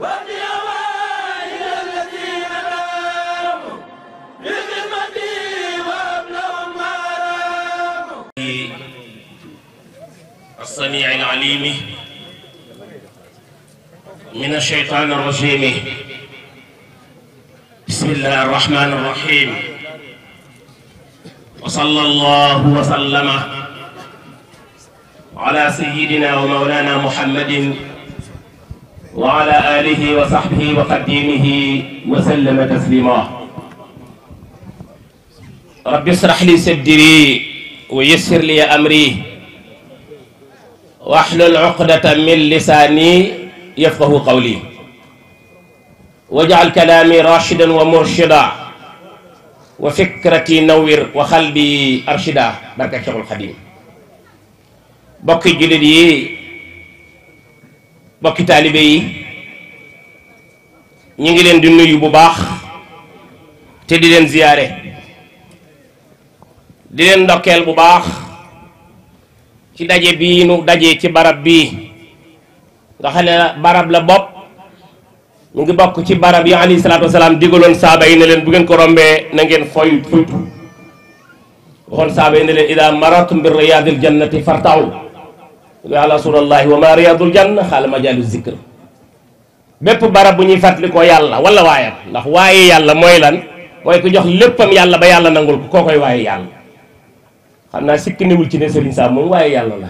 الذين ما السميع العليم من الشيطان الرجيم بسم الله الرحمن الرحيم وصلى الله وسلم على سيدنا ومولانا محمد وعلى آله وصحبه وقديمه وسلم تسليما رب اشرح لي صدري ويسر لي أمري واحلل عقدة من لساني يفقه قولي واجعل كلامي راشدا ومرشدا وفكرتي نور وخلبي أرشدا بركة شغل قديم بقي جلدي mbokki taalibe yi ñu ngi leen di nuyu bu baax te di leen ziyaare di leen ndokkeel bu baax ci daje bii nu daje ci barab bii nga xam ne barab la bopp mu ngi bokk ci barab yi alayhi salaatu wasalaam digaloon saaba yi ne leen bu ngeen ko rombee na ngeen foy foytu waxoon saaba yi ne leen ida maratum bi riyaadil jannati fartaw la ya surallahi wa ma janna xaala majaalu zikr bepp barab bu ñuy fàttali ko yàlla wala waye ndax waye yalla moy lan moy ku jox leppam yalla ba yalla nangul ko kokoy waye yalla xamna sikki neewul ci ne Serigne sa mo waye yalla la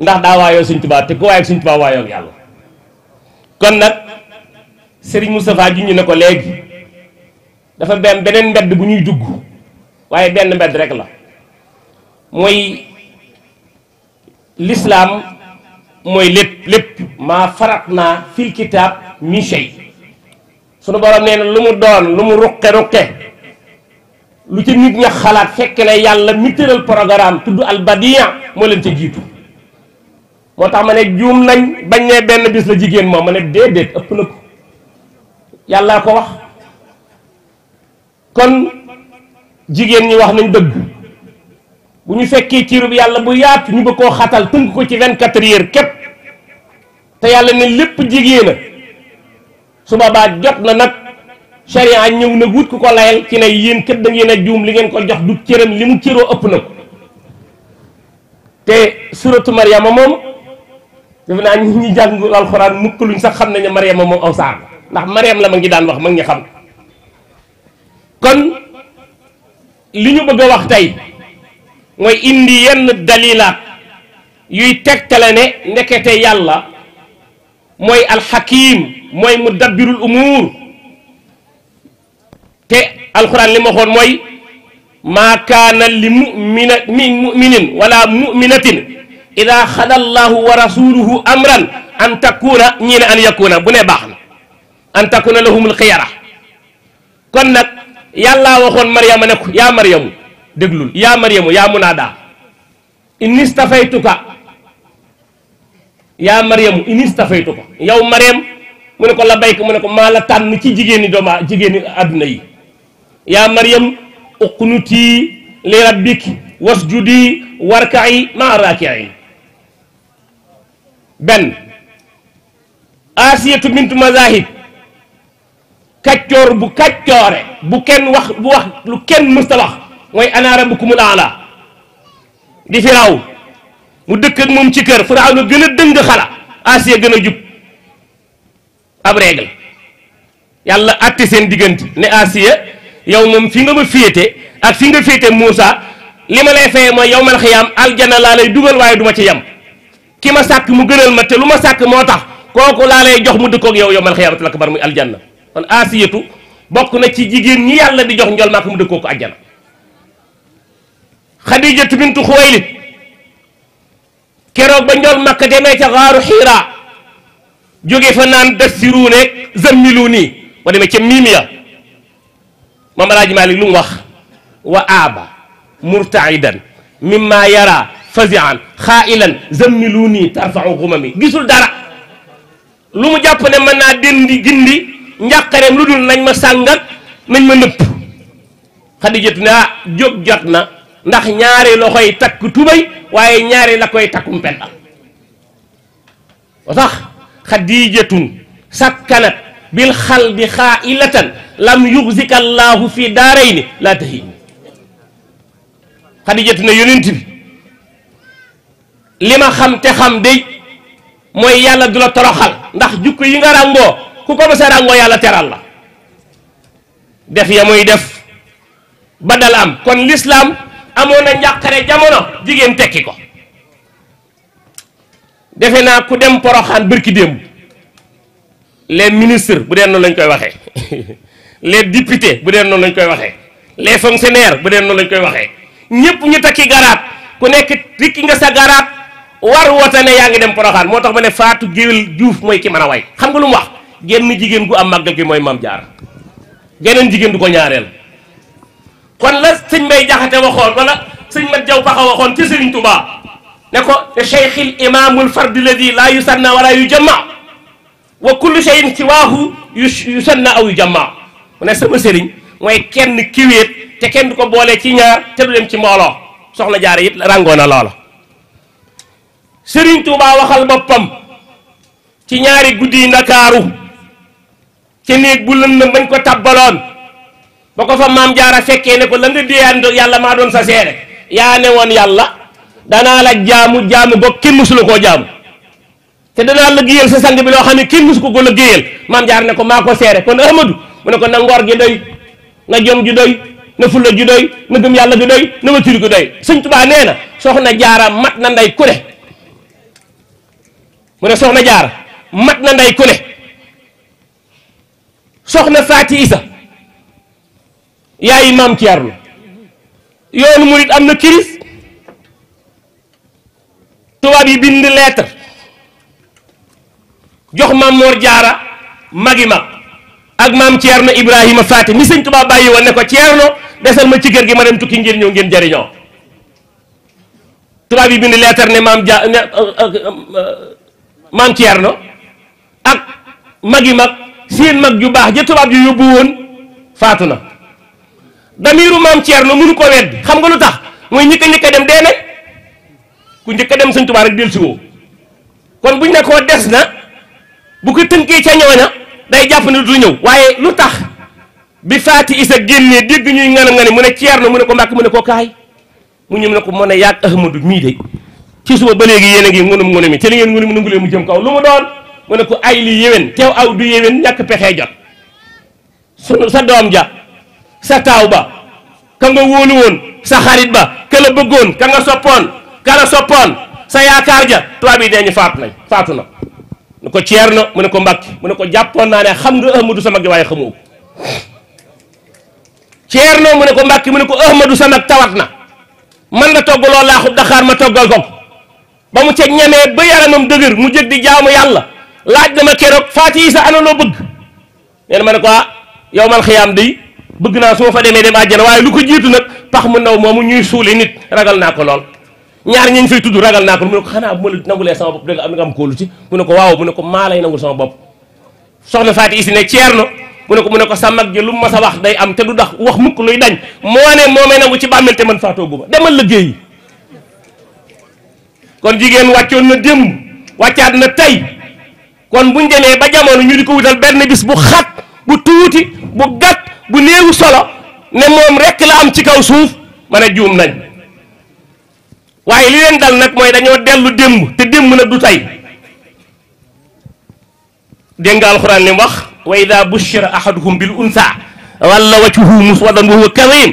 ndax da wayo Serigne Touba te ko waye Serigne Touba yalla kon nak Serigne mustapha giñu ne ko legi dafa ben benen mbedd bu ñuy dugg waye ben mbedd rek la moy lislaam mooy lépp lépp maa farat naa fil kitaab min shay sunu borom nee na lu mu doon lu mu ruqe ruqe lu ci nit ña xalaat fekk na yàlla mi tëral programme tudd albadiya moo leen ca jiitu moo tax ma ne juum nañ bañ ne benn bis la jigéen moo ma ne déedéet ëpp na ko yàllaa ko wax kon jigéen ñi wax nañ dëgg bu ñu fekkee ciirub yàlla bu yaatu ñu bëgg koo xatal tënk ko ci vingt quatre heures képp te yàlla ne lépp jigéen a su boobaa jot na nag sharia ñëw nag wut ku ko layal ci ne yéen kat da a juum li ngeen ko jox du cëram li mu cëroo ëpp na te suratu mariama moom def naa ñi ñi jàngul alxuraan mukk luñ sax xam nañu mariama moom aw saar ndax mariam la ma ngi daan wax ma ngi xam kon li ñu bëgg a wax tey moy indi yenn dalilaat yuy tegtale ne ndekete yàlla moy al hakim moy mudabbirul umur te alxuraan li ma waxoon mooy maa kaana li mumina min muminin wala muminatin idha khala allahu wa rasuluhu amran an takuna ni an yakuna bune ne an takuna lahumul khiyara kon nak yalla waxon maryam ne ya yaa déglul yaa mariamu yaa munaada inni stafaytuka yaa mariamu inni stafaytuka yow mariam mu ne ko la bayka ko maa la tànn ci jigéeni dooma jigéeni adduna yi yaa mariam uqnuti li wasjudi warka'i maa raaki'in benn asiyatu bintu mazahib kaccoor bu kaccoore bu kenn wax bu wax lu kenn mësta moy ana rabbukum alaa di firaaw mu dëkk ak mom ci keur firaaw na gën dëng xala Asiya gëna jup ab régle yàlla atti sen digënt ne Asiya yow mom fi nga ma féete ak fi nga féete Muusa lima lay fay mooy yowmal khiyam aljana la lay dugal waaye duma ci yam kima sak mu gënal ma te luma sak motax koku la lay jox mu dekk ak yow yowmal tak bar muy aljana kon asiyatu bokku na ci jigéen ñi yàlla di jox ndol mak mu dekk ko aljana خديجة بنت خويلد كيروك بنجول مكة ديمي تغارو حيرا جوغي فنان دسيروني زميلوني ودمي تميميا مام راج مالي لنوخ وآبا مرتعدا مما يرى فزعا خائلا زميلوني ترفع غممي جيسول دارا لوم جاب نمنا دندي جندي نجاقرم لدول نجم سانغان نجم نب خديجة بنا جوغ جاتنا ndax ñaari loxoy takk tubay waaye ñaari la koy takkum pendal wa tax xadiijatun sakkanat bil xal di xaa ilatan lam yuxzika allaahu fi daarayni laa tahin xadiijatu ne yonent bi li ma xam te xam day mooy yàlla du la toroxal ndax jukk yi nga ràngoo ku ko mësa ràngoo yàlla teral la def ya muy def ba am kon lislaam amoon na njàqare jamono jigéen tekki ko defe naa ku dem poroxaan bërki démb les ministres bu dee noonu lañ koy waxee les députés bu dee noonu lañ koy waxee les fonctionnaires bu dee noonu lañ koy waxee ñëpp ñu takki garaat ku nekk rikki nga sa garaat war woote ne yaa ngi dem poroxaan moo tax ma ne Faatu Géwél Juuf mooy ki mën a way xam nga lu mu wax genn jigéen gu am màggal gi mooy maam jaar geneen jigéen du ko ñaareel kon la sëñ Mbay Jaxate waxoon wala sëñ Mat Jaw Paxa waxoon ci Sëriñ Tuubaa ne ko te cheikhil imamul fard ladi laa yusanna wala yu jamma wa kullu cheyin siwaahu yusanna aw yu jamma mu ne sama sëriñ mooy kenn kiwéet te kenn du ko boolee ci ñaar te du dem ci mbooloo soxna jaare it ràngoo na loola Sëriñ Tuubaa waxal boppam ci ñaari guddi yi Ndakaaru ci néeg bu lëndëm bañ ko tabbaloon boo ko fa maam jaara fekkee ne ko la nga déeyaan yàlla maa doon sa seere yaa ne woon yàlla danaa la jaamu jaamu boog kenn mësula koo jaamu te danaa liggéeyal sa sang bi loo xam ne kenn mësu ko ko liggéeyal maam jaara ne ko maako seere kon Ahmadu mu ne ko na ngor gi doy na jom ji doy na fulla ji doy na gëm yàlla gi doy na watir gi doy sëñ Tuubaa nee na soxna jaara mat na nday ku ne mu ne soxna jaara mat na nday ku ne soxna Faati Isa yaay maam Thierno yoonu murit am na crise tubaab yi bind lettre jox maam Mor Jaara magi mag ak maam Thierno Ibrahima Faati mi sëñ Tuubaa bàyyi woon ne ko Thierno desal ma ci kër gi ma dem tukki ngeen ñëw tubaab yi bind leetar ne maam ja ne euh, euh, euh, maam Thierno ak magi mag seen mag ju baax ja tubaab ju yóbbu woon faatu na damiru maam Thierno mënu ko weddi xam nga lu tax mooy ñi ko njëkk a dem dee nañ ku njëkk a dem sëñ Tuubaa rek dellusi woo kon buñ ne des na bu ko tënkee ca ñooña day jàpp ne du ñëw waaye lu tax bi faati isa génnee dégg ñuy ngana ngani mu ne Thierno mu ne ko mbàkk mu ne ko kaay mu ñu ne ko mën a yàgg Ahmadu mii de ci suba ba léegi yéen a ngi ngunum ngunumi ci li ngeen ngunum mu jëm kaw lu mu doon mu ne ko ay li yéwén teew aw du yéwén ñàkk pexe jot su sa doom ja sa taaw ba ka nga wóolu sa xarit ba ka la bëggoon ka nga soppoon ka la soppoon sa yaakaar ja tubaab yi nee ñu faatu nañ faatu na mu ko ceer na mu ne ko mbàkki mu ne ko jàppoon naa ne xam nga ahmadu sa mag waaye na mu ne ko mbàkki ne ko ahmadu sa mag tawat na man la toggaloo laaxub daxaar ma toggal ko ba mu ca ñamee ba yaramam dëgër mu jëg di jaamu yàlla laaj dama keroog faati yi sa ana bëgg nee na ma ne ko ah, yow man xiyaam day bëgg naa su ma fa demee dem àjjana waaye lu ko jiitu nag pax mu ndaw moomu ñuy suuli nit ragal naa ko lool ñaar ñañ fay tudd ragal naa ko mu ne ko xanaa bu ma la nangulee sama bopp danga am nga am kóolu ci mu ne ko waaw mu ne ko maa lay nangul sama bopp soxna Faati Isi ne ceerno mu ne ko mu ne ko sa mag ji lu ma sa wax day am te du dax wax mukk luy dañ moo ne moo may nangu ci bàmmeel te man faatoo a demal liggéey kon jigéen wàccoon na démb wàccaat na tey kon buñ demee ba jamono ñu di ko wutal benn bis bu xat bu tuuti bu gàtt bu néewu solo ne moom rek la am ci kaw suuf ma ne juum nañ waaye li leen dal nag mooy dañoo dellu démb te démb nag du tey dégg nga alxuraan lim wax wa ida bushira ahaduhum bil unsa walla wajhuhu muswaddan wa huwa kadhim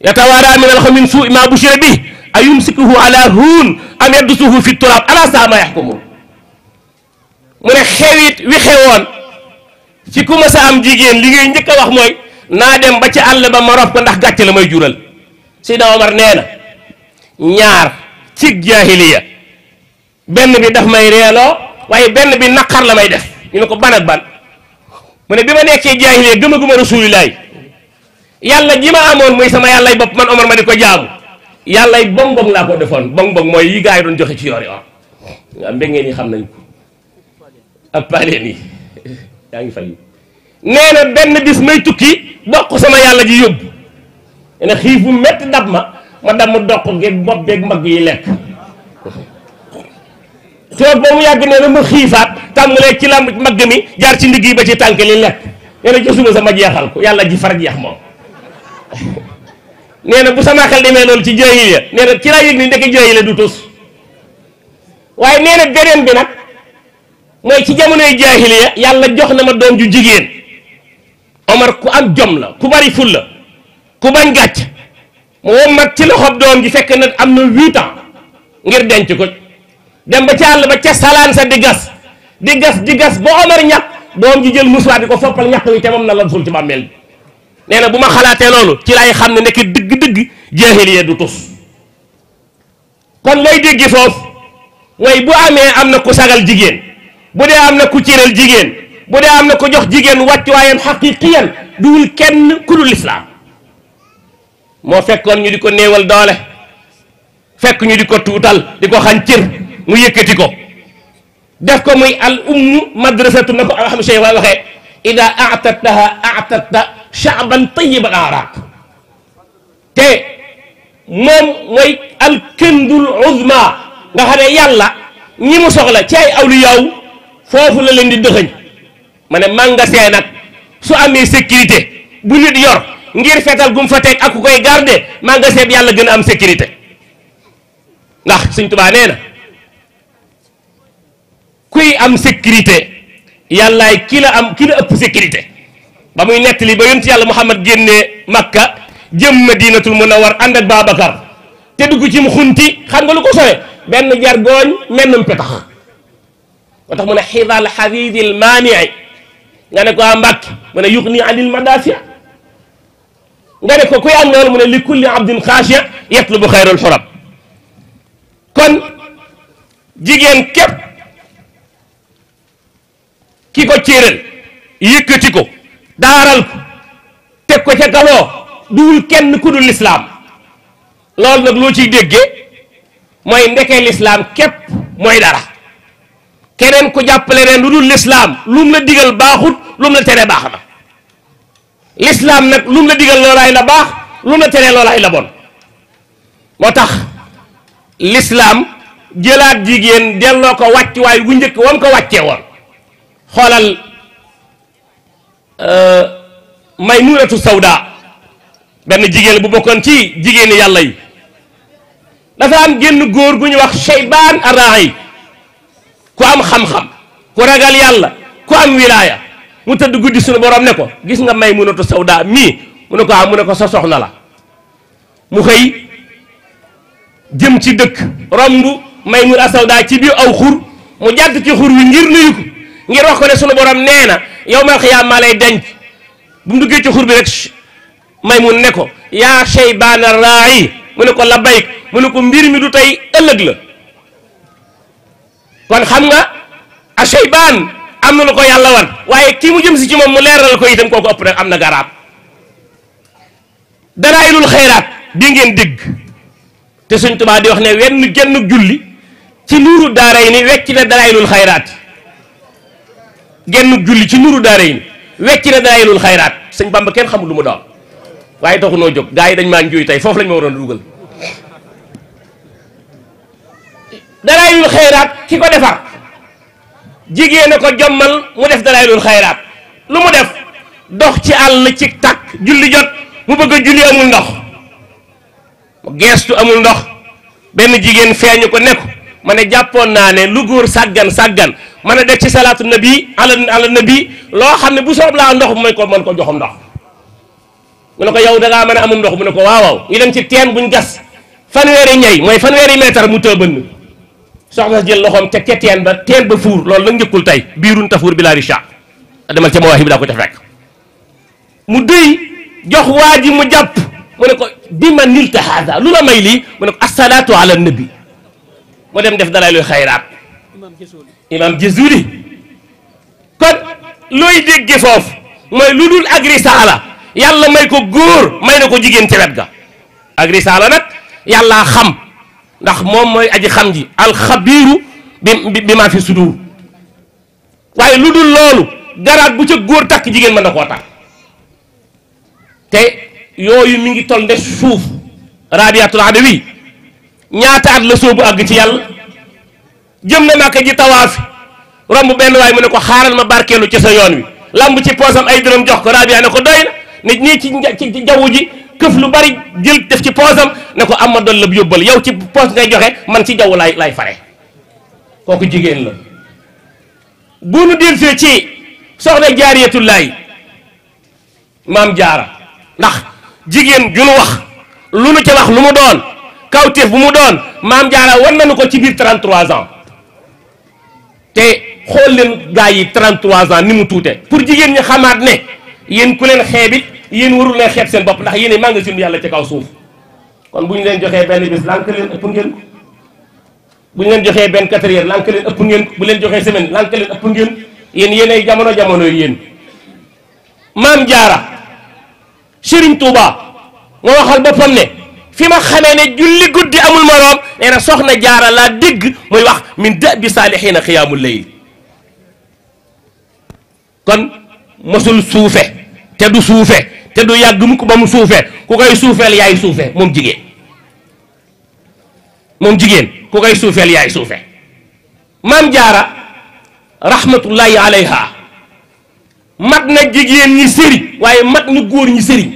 yatawaara min alxawmi min suui ma bushira bi ayumsikuhu ala huun am yaddusuhu ma yaxkumun mu ne xewit wi xewoon ci kuma sa am jigen li ngay ñëk wax moy na dem ba ci àll ba ma rof ko ndax gàcce la may jural sida omar neena ñaar ci jahiliya benn bi daf may reelo waye benn bi nakar la may def ñu ko ban ak ban mu ne bi ma nekkee gëma gëmaguma rasulilaay yàlla sama yalla bop man omar ma di ko jaamu yalla bong bong la ko defon bong bong moy yi gaay doon joxe ci yori yoor nga yi xam ko ni yaangi nee na benn bis may tukki doq sama yàlla ji yóbbu ne xiif bu metti dab ma ma damm doq geeg bopp beeg mbagg yi lekk toog ba mu yàgg nee na ma xiifaat tàmbalee ci làmb mbagg mi jaar ci ndigg yi ba ci tànk li lekk nee na sama jeexal ko yàlla ji far jeex moom nee na bu sama xel demee loolu ci jaahiliya nee na ci laa yëg ni ndeke jaahiliya du tus waaye nee na bi nag mooy ci jamonoy jaahiliya yàlla jox na ma doom ju jigéen Omar ku am jom la ku bari ful la ku bañ gàcc mu mat ci loxob doom ji fekk nag am na huit ans ngir denc ko dem ba ca àll ba ca salaan sa di gas di gas di gas ba Omar ñàkk doom ji jël musuwaat di ko foppal ñàkk wi te moom na la ful ci bàmmeel bi nee na bu ma xalaatee loolu ci lay xam ne nekk dëgg-dëgg jaahiliya du tus kon lay déggi foofu mooy bu amee am na ku sagal jigéen bu dee am na ku cëral jigéen bu dee am na ko jox jigéen wàccuwaayam xaqiqiyan duwul kenn ku dul lislaam moo fekkoon ñu di ko néewal doole fekk ñu di ko tuutal di ko xañ cër mu yëkkati ko def ko muy al ummu madrasatu na ko alhamdu shay waa waxee ida atataha atata shaaban tayiban araq te moom mooy al këndul uzma nga xam ne yàlla ñi mu soxla ci ay awliyaaw foofu la leen di dëxëñ ma ne magasin nag su amee sécurité bu nit yor ngir fetal gum fa teg ak ku koy garde magasin bi yàlla gën a am sécurité ndax Sëñ Tuubaa kuy am sécurité yàllaay ki la am ki ëpp sécurité ba muy nettali ba yonent yàlla Muhammad génnee Makka jëm Madinatul Munawwar ànd ak Babacar te dugg ci mu xunti xam nga lu ko sore benn jargooñ mennum petax ba tax mu ne xidal xadidil maanii nga ne ko a ah, mbàkk mu ne yuq nii anil madasia nga ne ko kuy am loolu mu ne li kulli abdin xaasia yatlubu xayrul xurab kon jigéen képp ki ko céeral yëkkati ko daaral teg ko ca kawoo duwul kenn ku dul lislaam loolu nag loo ciy déggee mooy ndeke lislaam képp mooy dara keneen ku jàppale leen lu dul lislaam lu mu la digal baaxut lu mu la teree baax na lislaam nag lu mu la digal loolaay la baax lu mu la teree loolaay la bon moo tax lislaam jëlaat jigéen delloo ko wàcc waay wu njëkk wam ko wàccee woon xoolal euh, Maymunatu sawdaa benn jigéen bu bokkoon ci jigéeni yàlla yi dafa am génn góor gu ñu wax Shaybaan Araayi ku am xam-xam ku ragal yàlla ku am wilaaya mu tëdd guddi suñu borom ne ko gis nga may munatu sawda mii mu ne ko ah mu ko sa la mu xëy jëm ci dëkk romb may mun a sawda ci biir aw xur mu jàdd ci xur wi ngir nuyu ko ngir wax ko ne sunu borom nee na yow mal xiyaam maa lay denc bu mu duggee ci xur bi rek may mun ne ko yaa shaybaana raayi mu ne ko la bayk mu ne ko mbir mi du tey ëllëg la kon xam nga a shaybaan am na lu ko yàlla wan waaye kii mu jëm si ci moom mu leeral ko itam kooku ëpp nag am na garaab daraayilul xayraat di ngeen dégg te suñ tubaa di wax ne wenn genn julli ci nuuru daara yi ni wecc na daraayilul xayraat genn julli ci nuuru daara yi ni wecc na sëñ bamba kenn xamul lu ma doon waaye taxu noo jóg gaa yi dañ maa njuy tey foofu lañ ma waroon dugal daraayilul xayraat ki ko defar jigéen a ko jommal mu def dalaylul xayraat lu mu def dox ci àll ci tàkk julli jot mu bëgg a julli amul ndox mu geestu amul ndox benn jigéen feeñu ko nekku ma ne jàppoon naa ne lu góor sàggan sàggan man a def ci salaatu nabi ala ala nabi loo xam ne bu soob laa ndox mooy ko mën ko joxam ndox mu ne ko yow da ngaa mën a amum ndox mu ne ko waaw waaw ñu dem ci teen buñ gas fanweeri ñay mooy fanweeri meetar mu tëbënn soxna jël loxom ca kétien ba teel ba four loolu la njëkkul tey biirun tafour bi laa richa demal ca mawaahi bi ko ca fekk mu dëy jox waa mu jàpp mu ne ko bi ma nil ta lu la may lii mu ne ko assalatu ala nabi mu dem def dalay luy xayraat imam jazuli kon looy dégge foofu mooy lu dul ak yàlla may ko góor may na ko jigéen ci wet ga ak risaala nag yàlla xam ndax moom mooy aji xam ji alxabiiru bi bi maa fi sudur waaye lu dul loolu garaat bu ca góor takk jigéen mën na koo takk te yooyu mu ngi toll nde suuf rabiatul adawi ñaata at la soobu àgg ci yàlla jëm na màkka ji tawaafi romb benn waaye mu ne ko xaaral ma barkeelu ci sa yoon wi lamb ci poosam ay dërëm jox ko rabia ne ko doy na nit ñii ci ci jaww ji këf lu bari jël def ci poosam ne ko am ma doon la yóbbal yow ci poos ngay joxe man ci jaww laay laay fare kooku jigéen la bu nu dellusee ci soxna jaariyatullaay maam jaara ndax jigéen ju nu wax lu nu ca wax lu mu doon kawteef bu mu doon maam jaara war nañu ko ci biir 33 ans te xool leen gaa yi 33 ans ni mu tuute pour jigéen ñi xamaat ne yéen ku leen xeebit yéen warul leen xeeb seen bopp ndax yéen magasin yàlla ci kaw suuf kon bu ñu leen joxee benn bis lànk leen ëpp ngeen ko bu ñu leen joxee benn quatre heures lànk leen ëpp ngeen ko bu leen joxee semaine lànk leen ëpp ngeen yéen yéenay jamono jamono yéen maam jaara Serigne Touba moo waxal boppam ne fi ma xamee ne julli guddi amul moroom nee na soxna jaara laa dégg muy wax min da'bi saalihiina xiyaamul layl kon mosul suufe te du suufe te du yàgg mukk ba mu suufee ku koy suufeel yaay suufee moom jigéen moom jigéen ku koy suufeel yaay suufe maam jaara rahmatullahi alayha mat na jigéen ñi sëriñ waaye mat ñu góor ñi sëriñ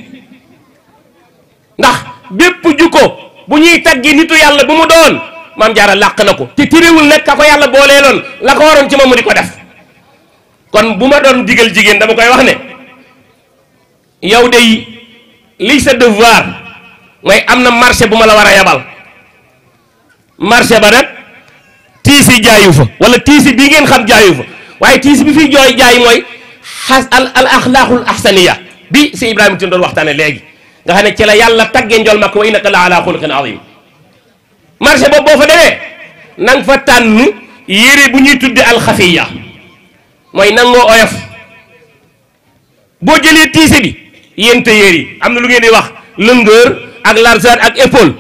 ndax bépp jukko bu ñuy taggi nitu yàlla bu mu doon maam jaara làq na ko te tëréwul nag ka ko yàlla booleeloon la ko waroon ci moom mu di ko def kon bu ma doon digal jigéen dama koy wax ne yow de liy de devoir mooy am na marché bu ma la war a yabal marché ba nag tiisi jaayu fa wala tiisi bii ngeen xam jaayu fa waaye tiisi bi fi jooy jaay mooy xas al al axlaaqul axsaniya bi si Ibrahima Tine doon waxtaane léegi nga xam ne ci la yàlla tagge njol ma ko wa innaka la ala xuluqin azim marché boobu boo fa demee nang fa tànn yére bu ñuy tudde alxafiya mooy nangoo oyof boo jëlee tiise bi yéen tailleur yi am na lu ngeen di wax longueur ak largeur ak épaule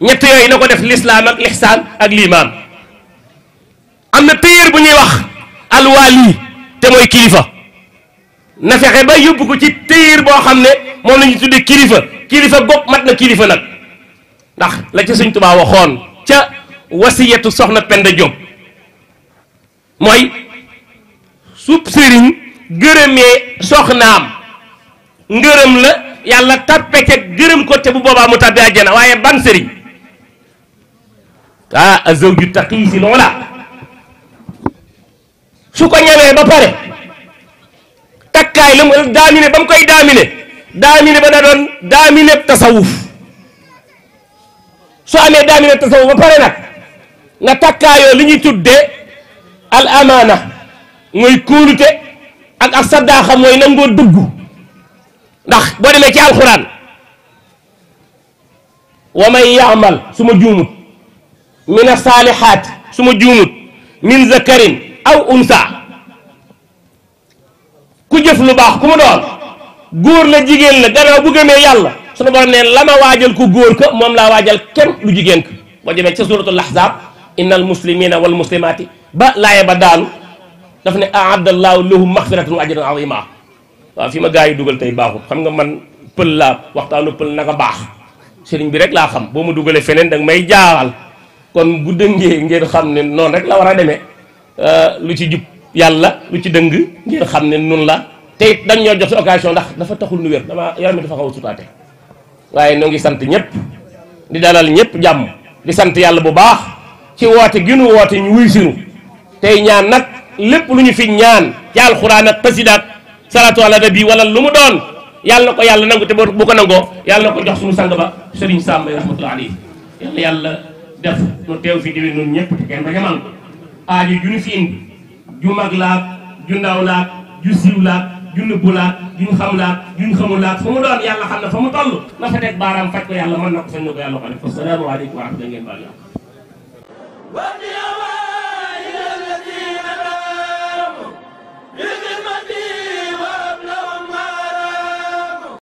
ñett yooyu na ko def lislaam ak lixsaan ak liimaan am na tailleur bu ñuy wax alwaali te mooy kilifa na fexe ba yóbbu ko ci tailleur boo xam ne moom la ñu tuddee kilifa kilifa gopp mat na kilifa nag ndax la ca Sëñ Tuubaa waxoon ca wasiyatu soxna Penda Diop mooy suub sëriñ gërëmee soxnaam ngërëm la yàlla tàppe ke gërëm ko te bu boobaa mu tàbbi àjjana waaye ban sëriñ ah azawju taqi si loola su ko ñamee ba pare takkaay la mu daamine ba mu koy daamine daamine ba da doon daamine tasawuf su amee daamine tasawuf ba pare nag nga takkaayoo li ñuy tuddee al amaana mooy kóolute ak ak saddaaxa mooy nangoo dugg ndax bo demé ci alxuraan wa ya'mal suma su min salihat suma su min zakarin aw unsa ku jëf lu bax kuma mu doon góor la jigen la dara bu gëmé yàlla sunu borom né lama ma ku góor ko mom la waajal kenn lu jigen ko bo demé ci suratul ahzab inna al muslimina wal muslimaati ba laaya ba daanu daf ne aadallahu lahum maxfiratan wa ajran azima wa fi ma gaay yi tay tey xam nga man peul la waxtanu peul naka bax serigne bi rek la xam bo mu dugalee fenen danga may jaawal kon bu dëngee ngeen xam ne non rek la wara a euh lu ci jup yalla lu ci deung ngeen xam ne nun la te dañ ñoo jox si occasion ndax dafa taxul nu wër dama yaram dafa xaw ngi sant di dalal nyep jamm di sant yalla bu baax ci wote gi nu wote ñu wuy sinu tay ñaan nak lepp lu ñu fi ñaan ci ak salaatu ala nabi wala lu mu doon yàlla ko yàlla nangu te bu ko nangoo yàlla na ko jox suñu sang ba Serigne Sam Mbaye rahmatullahi alayhi yàlla yàlla def nu teew fi diwén noonu ñëpp te kenn rek man aajo ju ñu ju mag ju ndaw ju siiw ju nëbbu laag ju ñu xam laag mu doon yàlla xam na fa mu toll na fa teg baaraam faj ko yàlla mën na ko sañ na ko yàlla ko def assalaamu aleykum wa rahmatullahi ngeen baal yàlla